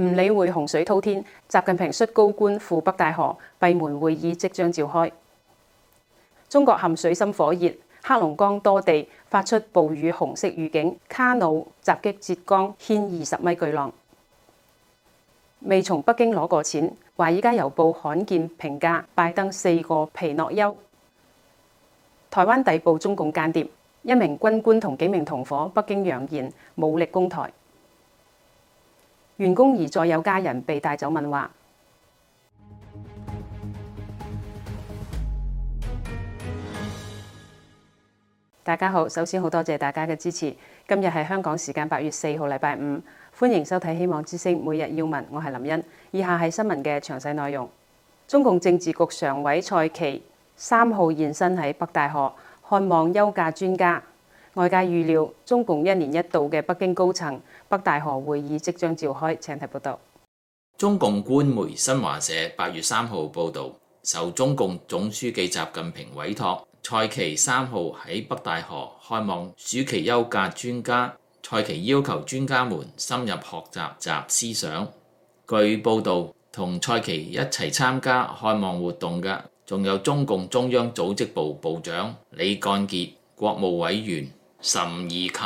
唔理會洪水滔天，習近平率高官赴北戴河閉門會議即將召開。中國陷水深火熱，黑龍江多地發出暴雨紅色預警。卡努襲擊浙江，掀二十米巨浪。未從北京攞過錢，《華爾街郵報》罕見評價拜登四個皮諾丘。台灣逮捕中共間諜，一名軍官同幾名同夥北京揚言武力攻台。袁弓夷再有家人被帶走問話。大家好，首先好多謝大家嘅支持。今日係香港時間八月四號，禮拜五，歡迎收睇《希望之聲》每日要聞。我係林茵，以下係新聞嘅詳細內容。中共政治局常委蔡奇三號現身喺北戴河，看望休假專家。外界預料中共一年一度嘅北京高層北戴河會議即將召開，請睇報導。中共官媒新華社八月三號報導，受中共總書記習近平委託，蔡奇三號喺北戴河看望暑期休假專家。蔡奇要求專家們深入學習習思想。據報導，同蔡奇一齊參加看望活動嘅，仲有中共中央組織部部長李幹傑、國務委員、岑怡琴、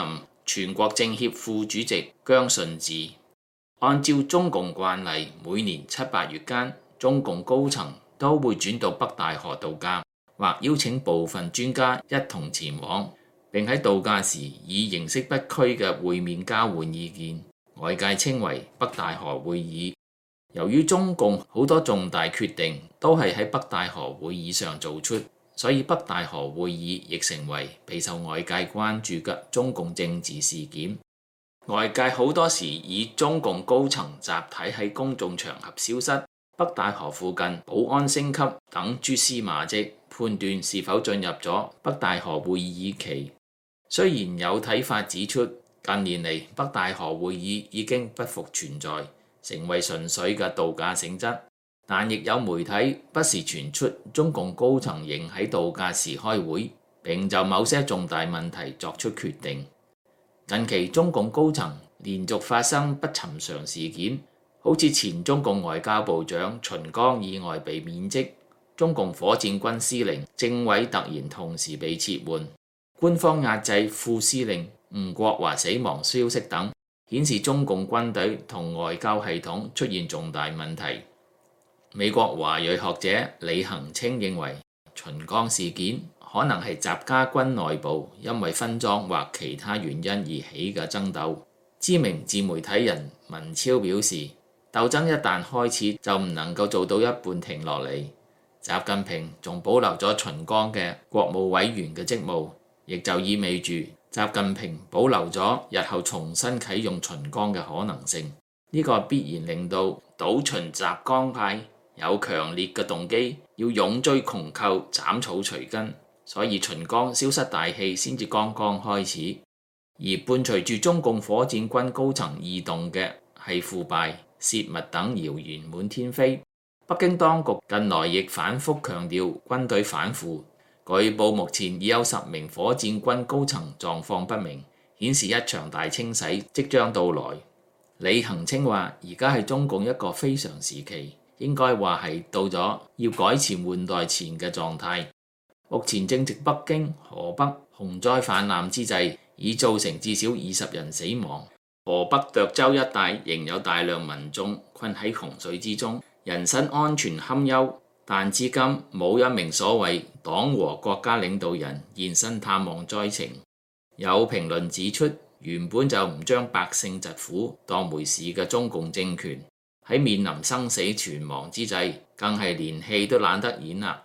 全國政協副主席姜信治，按照中共慣例，每年七八月間，中共高層都會轉到北戴河度假，或邀請部分專家一同前往，並喺度假時以形式不拘嘅會面交換意見，外界稱為北戴河會議。由於中共好多重大決定都係喺北戴河會議上做出。所以北戴河會議亦成為備受外界關注嘅中共政治事件。外界好多時以中共高層集體喺公眾場合消失、北戴河附近保安升級等蛛絲馬跡，判斷是否進入咗北戴河會議期。雖然有睇法指出，近年嚟北戴河會議已經不復存在，成為純粹嘅度假性質。但亦有媒體不時傳出中共高層仍喺度假時開會，並就某些重大問題作出決定。近期中共高層連續發生不尋常事件，好似前中共外交部長秦剛意外被免職，中共火箭軍司令政委突然同時被撤換，官方壓制副司令吳國華死亡消息等，顯示中共軍隊同外交系統出現重大問題。美國華裔學者李恒青認為，秦剛事件可能係習家軍內部因為分贓或其他原因而起嘅爭鬥。知名自媒體人文超表示，鬥爭一旦開始就唔能夠做到一半停落嚟。習近平仲保留咗秦剛嘅國務委員嘅職務，亦就意味住習近平保留咗日後重新啟用秦剛嘅可能性。呢、這個必然令到倒秦習江派。有強烈嘅動機，要勇追窮寇，斬草除根，所以秦江消失大氣先至剛剛開始。而伴隨住中共火箭軍高層異動嘅係腐敗、洩密等謠言滿天飛。北京當局近來亦反覆強調軍隊反腐舉報，目前已有十名火箭軍高層狀況不明，顯示一場大清洗即將到來。李恒清話：而家係中共一個非常時期。應該話係到咗要改朝換代前嘅狀態。目前正值北京河北洪災泛濫之際，已造成至少二十人死亡。河北涿州一帶仍有大量民眾困喺洪水之中，人身安全堪憂。但至今冇一名所謂黨和國家領導人現身探望災情。有評論指出，原本就唔將百姓疾苦當回事嘅中共政權。喺面臨生死存亡之際，更係連戲都懶得演啦。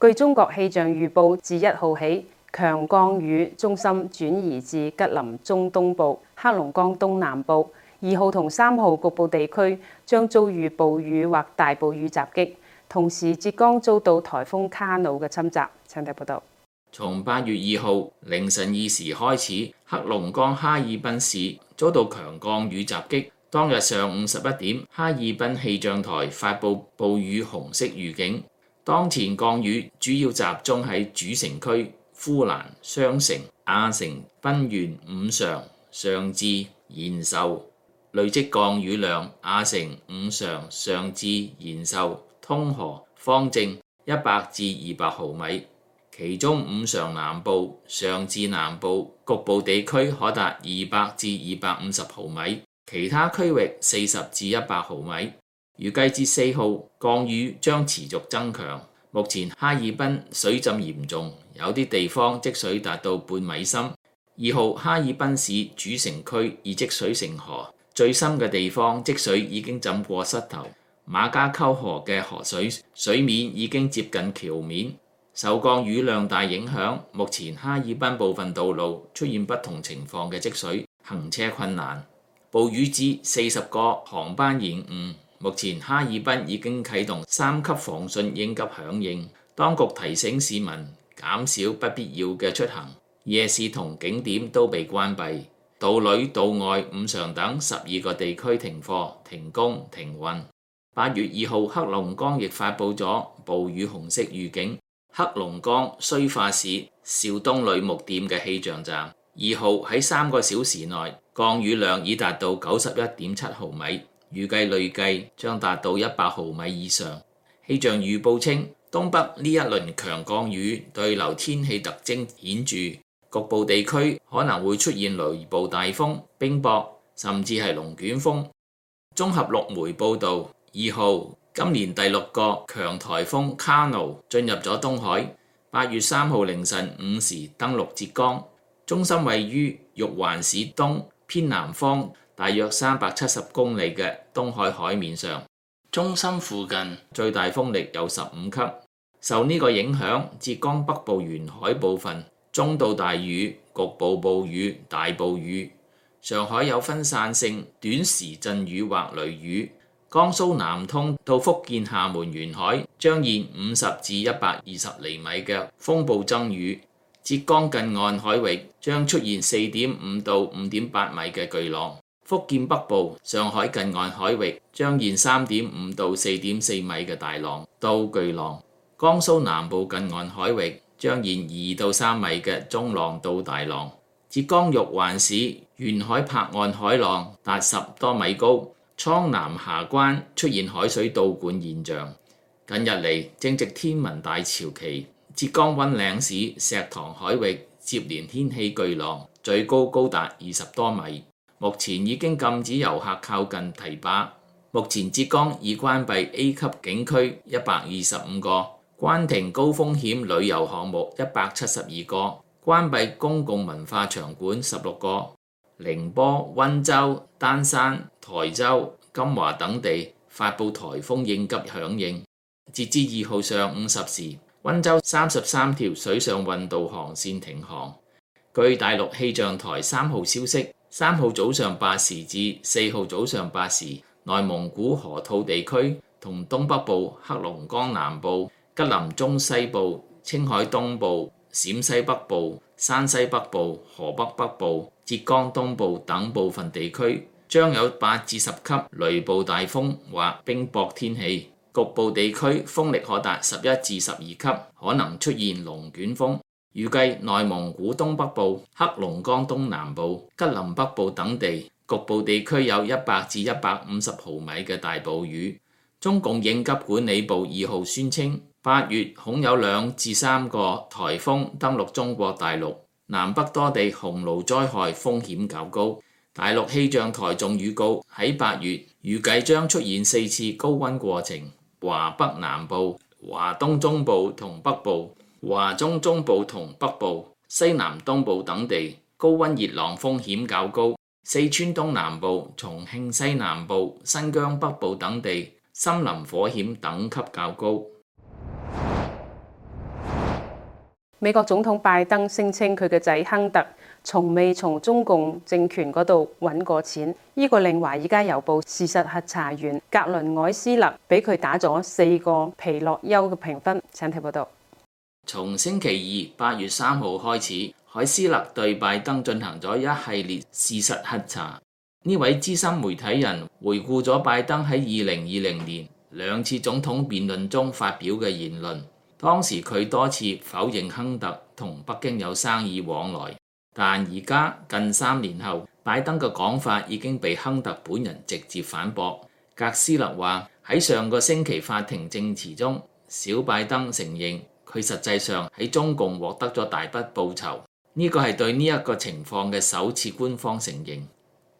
據中國氣象預報，自一號起，強降雨中心轉移至吉林中東部、黑龍江東南部，二號同三號局部地區將遭遇暴雨或大暴雨襲擊，同時浙江遭到台風卡努嘅侵襲。請睇報道。從八月二號凌晨二時開始，黑龍江哈爾濱市遭到強降雨襲擊。當日上午十一點，哈爾濱氣象台發布暴雨紅色預警。當前降雨主要集中喺主城區、呼蘭、雙城、阿城、賓縣、五常、尚志、延壽，累積降雨量阿城、五常、尚志、延壽、通河、方正一百至二百毫米。其中五常南部、上至南部局部地區可達二百至二百五十毫米，其他區域四十至一百毫米。預計至四號降雨將持續增強。目前哈爾濱水浸嚴重，有啲地方積水達到半米深。二號哈爾濱市主城區已積水成河，最深嘅地方積水已經浸過膝頭。馬家溝河嘅河水水面已經接近橋面。受降雨量大影響，目前哈爾濱部分道路出現不同情況嘅積水，行車困難，暴雨致四十個航班延誤。目前哈爾濱已經啟動三級防汛應急響應，當局提醒市民減少不必要嘅出行。夜市同景點都被關閉，道里道外五常等十二個地區停課停工、停運。八月二號黑龍江亦發布咗暴雨紅色預警。黑龍江綏化市肇東呂木店嘅氣象站二號喺三個小時內降雨量已達到九十一點七毫米，預計累計將達到一百毫米以上。氣象預報稱，東北呢一輪強降雨對流天氣特徵顯著，局部地區可能會出現雷暴、大風、冰雹，甚至係龍捲風。綜合陸媒報道，二號。今年第六個強颱風卡努進入咗東海，八月三號凌晨五時登陸浙江，中心位於玉環市東偏南方大約三百七十公里嘅東海海面上，中心附近最大風力有十五級。受呢個影響，浙江北部沿海部分中到大雨，局部暴雨、大暴雨；上海有分散性短時陣雨或雷雨。江蘇南通到福建廈門沿海將現五十至一百二十厘米嘅風暴增雨，浙江近岸海域將出現四點五到五點八米嘅巨浪，福建北部、上海近岸海域將現三點五到四點四米嘅大浪到巨浪，江蘇南部近岸海域將現二到三米嘅中浪到大浪，浙江玉環市沿海拍岸海海浪達十多米高。蒼南霞關出現海水倒灌現象，近日嚟正值天文大潮期，浙江溫嶺市石塘海域接連掀起巨浪，最高高達二十多米，目前已經禁止遊客靠近堤壩。目前浙江已關閉 A 級景區一百二十五個，關停高風險旅遊項目一百七十二個，關閉公共文化場館十六個。寧波、溫州、丹山、台州、金華等地發布颱風應急響應。截至二號上午十時，溫州三十三條水上運道航線停航。據大陸氣象台三號消息，三號早上八時至四號早上八時，內蒙古河套地區同東北部、黑龍江南部、吉林中西部、青海東部、陝西北部、山西北部、河北北部、浙江東部等部分地區將有八至十級雷暴大風或冰雹天氣，局部地區風力可達十一至十二級，可能出現龍捲風。預計內蒙古東北部、黑龍江東南部、吉林北部等地局部地區有一百至一百五十毫米嘅大暴雨。中共應急管理部二號宣稱，八月恐有兩至三個颱風登陸中國大陸。南北多地洪澇災害風險較高，大陸氣象台仲預告，喺八月預計將出現四次高溫過程，華北南部、華東中部同北部、華中中部同北部、西南東部等地高溫熱浪風險較高，四川東南部、重慶西南部、新疆北部等地森林火險等級較高。美國總統拜登聲稱佢嘅仔亨特從未從中共政權嗰度揾過錢，呢個令《華爾街郵報》事實核查員格倫·凱斯勒俾佢打咗四個皮諾丘嘅評分。請睇報道。從星期二八月三號開始，凱斯勒對拜登進行咗一系列事實核查。呢位資深媒體人回顧咗拜登喺二零二零年兩次總統辯論中發表嘅言論。當時佢多次否認亨特同北京有生意往來，但而家近三年後，拜登嘅講法已經被亨特本人直接反駁。格斯勒話，喺上個星期法庭證詞中，小拜登承認佢實際上喺中共獲得咗大筆報酬，呢個係對呢一個情況嘅首次官方承認。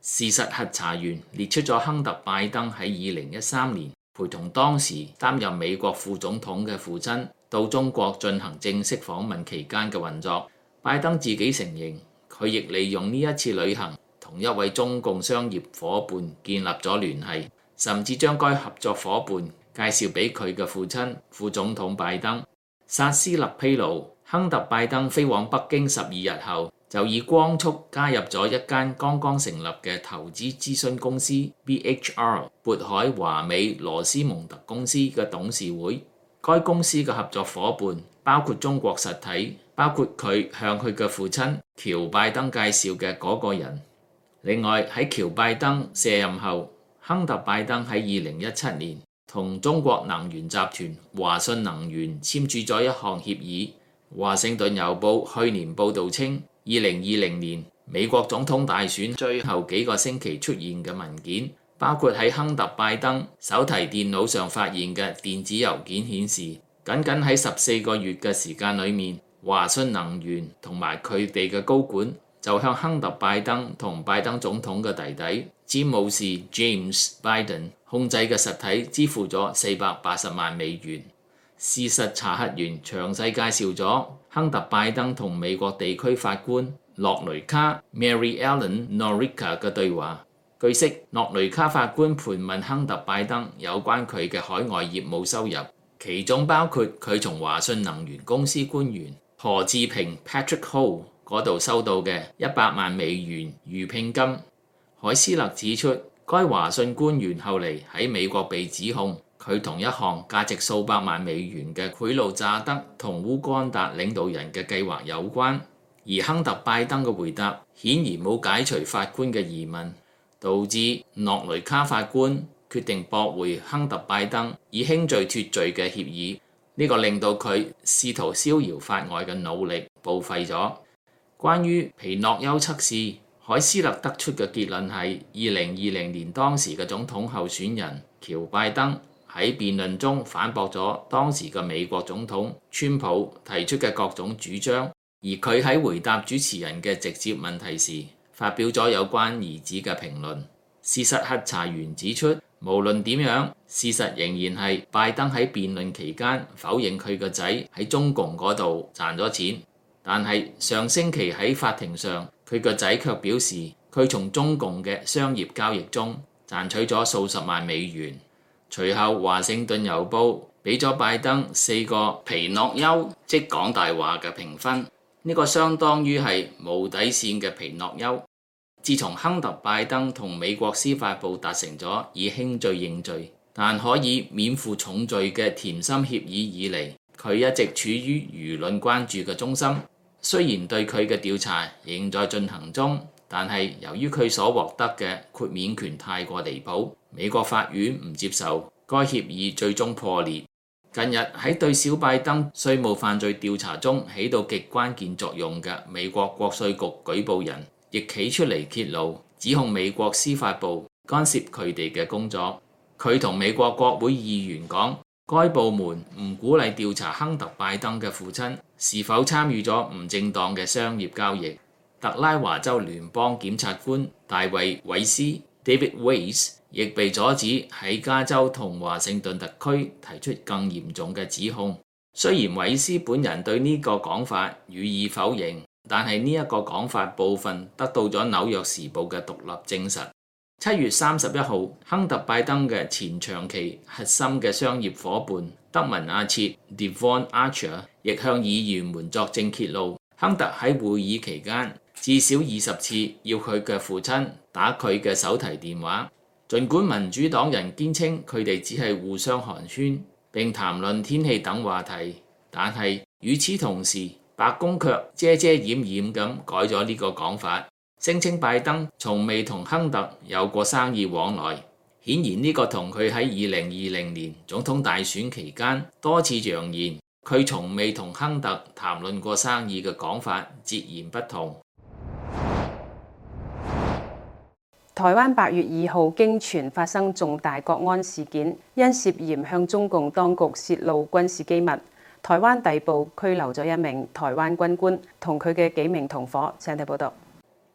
事實核查員列出咗亨特拜登喺二零一三年，陪同當時擔任美國副總統嘅父親到中國進行正式訪問期間嘅運作，拜登自己承認，佢亦利用呢一次旅行同一位中共商業伙伴建立咗聯繫，甚至將該合作伙伴介紹俾佢嘅父親、副總統拜登。薩斯立披露，亨特·拜登飛往北京十二日後，就以光速加入咗一間剛剛成立嘅投資諮詢公司 BHR，渤海華美羅斯蒙特公司嘅董事會，該公司嘅合作伙伴包括中國實體，包括佢向佢嘅父親喬拜登介紹嘅嗰個人。另外喺喬拜登卸任後，亨特拜登喺二零一七年同中國能源集團華信能源簽署咗一項協議，華盛頓郵報去年報道稱。二零二零年美國總統大選最後幾個星期出現嘅文件，包括喺亨特拜登手提電腦上發現嘅電子郵件顯，顯示僅僅喺十四個月嘅時間裏面，華信能源同埋佢哋嘅高管就向亨特拜登同拜登總統嘅弟弟詹姆斯 James Biden 控制嘅實體支付咗四百八十萬美元。事實查核員詳細介紹咗亨特拜登同美國地區法官諾雷卡 Mary Ellen Norica 嘅對話。據悉，諾雷卡法官盤問亨特拜登有關佢嘅海外業務收入，其中包括佢從華信能源公司官員何志平 Patrick Ho 嗰度收到嘅一百萬美元預聘金。海斯勒指出，該華信官員後嚟喺美國被指控。佢同一項價值數百萬美元嘅賄賂詐德同烏干達領導人嘅計劃有關，而亨特拜登嘅回答顯然冇解除法官嘅疑問，導致諾雷卡法官決定駁回亨特拜登以輕罪脫罪嘅協議。呢個令到佢試圖逍遙法外嘅努力報廢咗。關於皮諾丘測試，海斯勒得出嘅結論係：二零二零年當時嘅總統候選人喬拜登。喺辯論中反駁咗當時嘅美國總統川普提出嘅各種主張，而佢喺回答主持人嘅直接問題時，發表咗有關兒子嘅評論。事實核查員指出，無論點樣，事實仍然係拜登喺辯論期間否認佢個仔喺中共嗰度賺咗錢，但係上星期喺法庭上，佢個仔卻表示佢從中共嘅商業交易中賺取咗數十萬美元。隨後，華盛頓郵報俾咗拜登四個皮諾丘即講大話嘅評分，呢個相當於係無底線嘅皮諾丘。自從亨特·拜登同美國司法部達成咗以輕罪認罪，但可以免負重罪嘅甜心協議以嚟，佢一直處於輿論關注嘅中心。雖然對佢嘅調查仍在進行中。但係由於佢所獲得嘅豁免權太過離譜，美國法院唔接受該協議，最終破裂。近日喺對小拜登稅務犯罪調查中起到極關鍵作用嘅美國國稅局舉報人，亦企出嚟揭露，指控美國司法部干涉佢哋嘅工作。佢同美國國會議員講，該部門唔鼓勵調查亨特拜登嘅父親是否參與咗唔正當嘅商業交易。特拉華州聯邦檢察官大衛韋斯 David Weiss 亦被阻止喺加州同華盛頓特區提出更嚴重嘅指控。雖然韋斯本人對呢個講法予以否認，但係呢一個講法部分得到咗紐約時報嘅獨立證實。七月三十一號，亨特拜登嘅前長期核心嘅商業伙伴德文阿切 （Devon Archer） 亦向議員們作證揭露，亨特喺會議期間，至少二十次要佢嘅父親打佢嘅手提電話。儘管民主黨人堅稱佢哋只係互相寒暄，並談論天氣等話題，但係與此同時，白宮卻遮遮掩掩咁改咗呢個講法，聲稱拜登從未同亨特有過生意往來。顯然呢個同佢喺二零二零年總統大選期間多次揚言，佢從未同亨特談論過生意嘅講法截然不同。台灣八月二號驚傳發生重大國安事件，因涉嫌向中共當局泄露軍事機密，台灣底部拘留咗一名台灣軍官同佢嘅幾名同夥。請睇報道。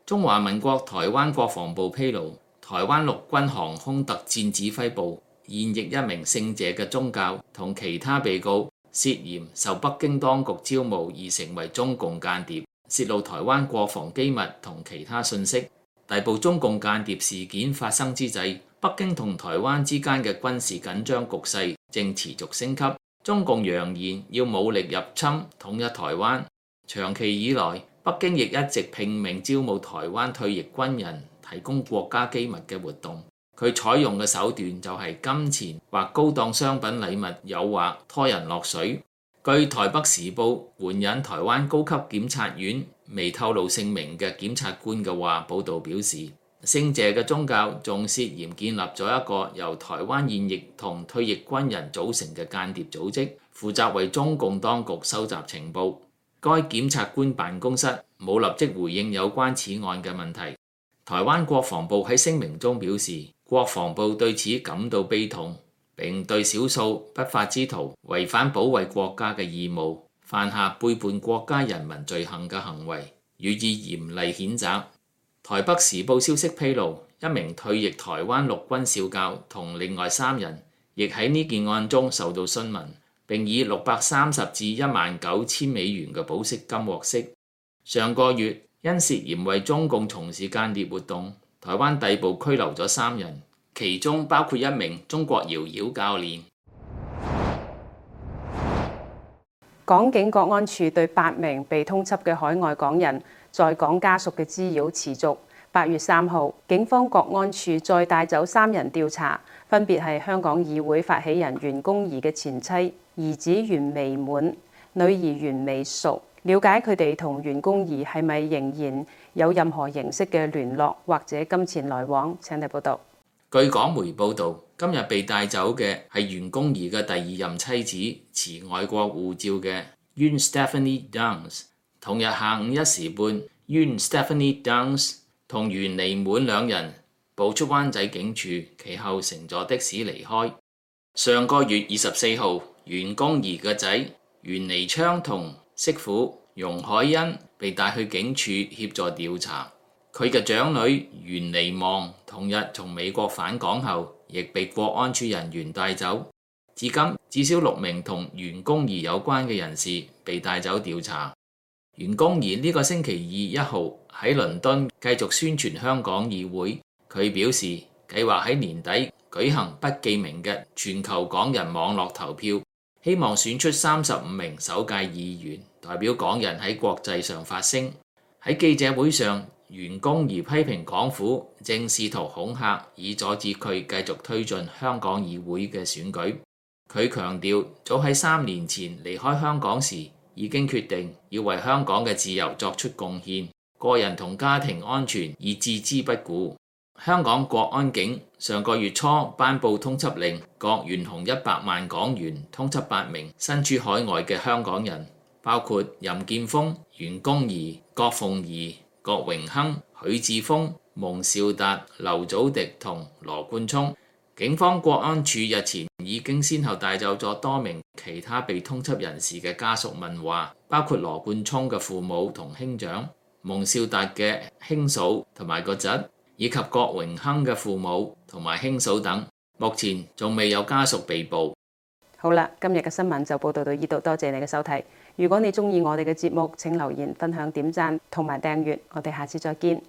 中華民國台灣國防部披露，台灣陸軍航空特戰指揮部現役一名聖者嘅宗教同其他被告，涉嫌受北京當局招募而成為中共間諜，泄露台灣國防機密同其他信息。逮捕中共間諜事件發生之際，北京同台灣之間嘅軍事緊張局勢正持續升級。中共揚言要武力入侵統一台灣。長期以來，北京亦一直拼命招募台灣退役軍人，提供國家機密嘅活動。佢採用嘅手段就係金錢或高檔商品禮物誘惑拖人落水。據《台北時報》援引台灣高級檢察院，未透露姓名嘅檢察官嘅話，報道表示，姓謝嘅宗教仲涉嫌建立咗一個由台灣現役同退役軍人組成嘅間諜組織，負責為中共當局收集情報。該檢察官辦公室冇立即回應有關此案嘅問題。台灣國防部喺聲明中表示，國防部對此感到悲痛，並對少數不法之徒違反保衛國家嘅義務犯下背叛國家人民罪行嘅行為，予以嚴厲譴責。台北時報消息披露，一名退役台灣陸軍少校同另外三人，亦喺呢件案中受到詢問，並以六百三十至一萬九千美元嘅保釋金獲釋。上個月，因涉嫌為中共從事間諜活動，台灣逮捕拘留咗三人，其中包括一名中國搖搖教練。港警國安處對八名被通緝嘅海外港人在港家屬嘅滋擾持續。八月三號，警方國安處再帶走三人調查，分別係香港議會發起人袁弓夷嘅前妻、兒子袁未滿、女兒袁未熟，了解佢哋同袁弓夷係咪仍然有任何形式嘅聯絡或者金錢來往？請你報道。據港媒報道，今日被帶走嘅係袁弓夷嘅第二任妻子持外國護照嘅 Yun Stephanie Duns。同日下午一時半，Yun Stephanie Duns 同袁彌滿兩人步出灣仔警署，其後乘坐的士離開。上個月二十四號，袁弓夷嘅仔袁彌昌同媳婦容海恩被帶去警署協助調查。佢嘅長女袁彌望。同日從美國返港後，亦被國安處人員帶走。至今至少六名同袁弓夷有關嘅人士被帶走調查。袁弓夷呢個星期二一號喺倫敦繼續宣傳香港議會。佢表示計劃喺年底舉行不記名嘅全球港人網絡投票，希望選出三十五名首屆議員，代表港人喺國際上發聲。喺記者會上，袁弓夷批評港府正試圖恐嚇，以阻止佢繼續推進香港議會嘅選舉。佢強調，早喺三年前離開香港時已經決定要為香港嘅自由作出貢獻，個人同家庭安全已置之不顧。香港國安警上個月初頒布通緝令，各懸紅一百萬港元，通緝八名身處海外嘅香港人，包括任建峰、袁弓夷、郭鳳儀。郭榮鏗、許智峰、蒙兆達、劉祖迪同羅冠聰，警方國安處日前已經先後帶走咗多名其他被通緝人士嘅家屬問話，包括羅冠聰嘅父母同兄長、蒙兆達嘅兄嫂同埋個侄，以及郭榮鏗嘅父母同埋兄嫂等。目前仲未有家屬被捕。好啦，今日嘅新聞就報道到呢度，多謝你嘅收睇。如果你鍾意我哋嘅節目，請留言、分享、點讚同埋訂閱，我哋下次再見。